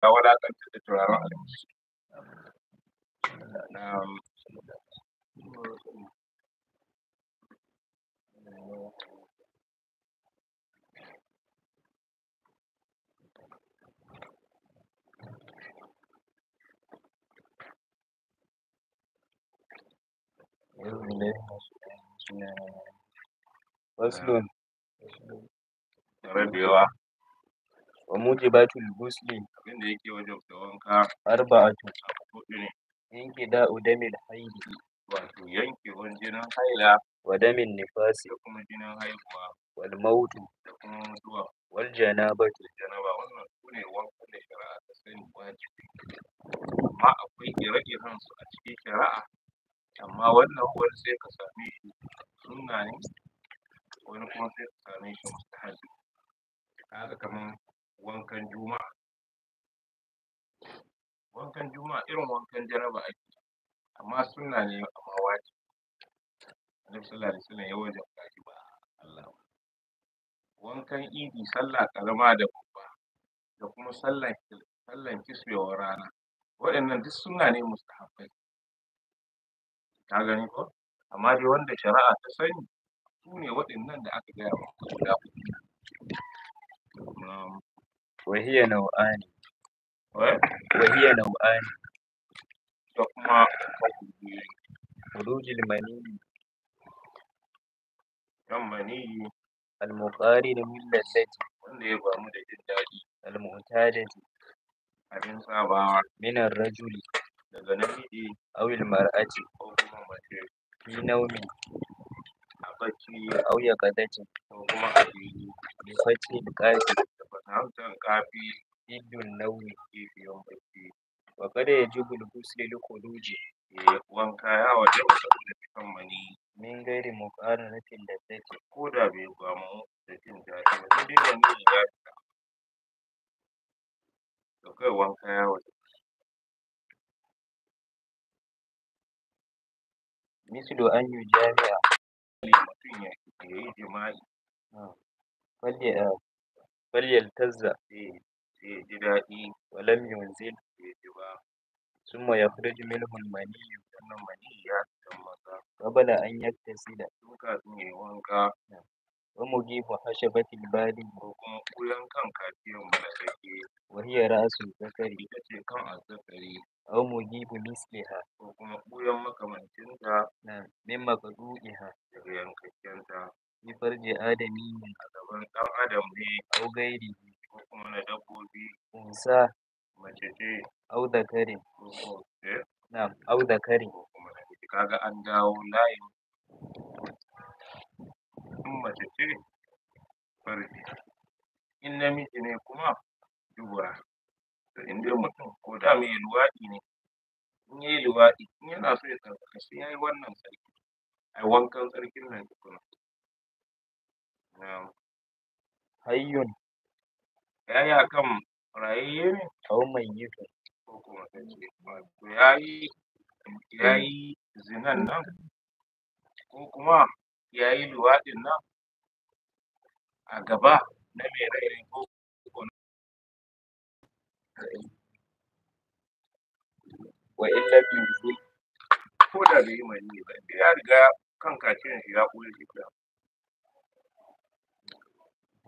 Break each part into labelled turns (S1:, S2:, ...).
S1: ya Let's do it. Ready, you wa mujibatul ghusli abinda yake wajabta wanka arba'atu huɗu ne inqida'u damil haidi wato yankewan jinin haila wa damin nifasi da kuma jinin haihuwa wal mautu da kuma mutuwa wal janabatu da janaba wannan sune wankan da shari'a ta sani wajibi amma akwai ire-iren su a cikin shari'a amma wannan wani sai ka same shi sunna ne wani kuma sai ka same shi mustahabi kaga kaman wankan juma'a wankan juma'a irin wankan jaraba ake yi amma sunna ne amma wajibi annabi sallallahu alaihi wasallam ya wajabta shi ba Allah ba wankan idi sallah ƙarama da babba da kuma sallan sallan kiswewar rana waɗannan duk sunna ne mustahabbai ka gani ko amma dai wanda shari'a ta sani su ne waɗannan da aka gaya maka guda huɗu وهي نوعان وهي نوعان da kuma خروج المني كان مني المقارن من لذته wanda ya gamu da jin daɗi almu'tadati abin sabawa min ar-rajuli daga namiji aw al-mar'ati ko kuma mace fi naumi a bacci aw yaqadati ko kuma a bi bi fatil hamsin ƙafi. hidun nauyi kifiyon bacci wa kada ya ji gulgusi lukuluji eh, wanka ya wajaba saboda fitan maniyyi min gairi muqaranatin da take ko da bai gamu da jin daɗi ba duk da maniyyi ya fita to kai wanka ya wajaba mislu an yujami'a mutum ya yi jima'i ah, ah, فليلتز جدائي ولم ينزل
S2: ثم يخرج
S1: منه المني قبل أن يغتسل ومجيب حشبة البال وهي رأس الذكر أو مجيب مثلها من مقدوئها fi farji adamiyyin a gaban ɗan adam ne au gairihi ko kuma na dabbobi unsa mace ce au zakarin eh, na'am au zakarin kaga an dawo layin in mace ce farji in namiji ne kuma dubura to in dai mutum ko da mai luwaɗi ne in yai luwaɗi in yana so ya tsarkaku sai yayi wannan tsarki ai wankan tsarkin nan tukuna Hayyun. Yayi akan raye ne? mai mayyitun. Ko kuma kace Wato yayi yayi hmm. zinan nan ko kuma yayi luwaɗin nan a gaba na mai rai ko ko wa illa bi ko da bai yi ne, ba ya riga kan kaciyan shi ya ƙure shi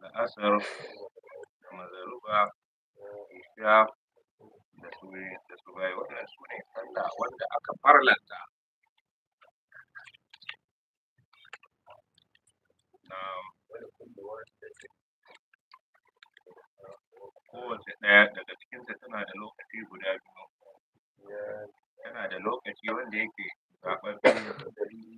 S1: la'asar magariba isha da da wannan waɗannan sune sallah wanda aka farlanta kowace ɗaya daga cikinta tana da lokaci guda biyu tana da lokaci wanda yake zaɓaɓɓe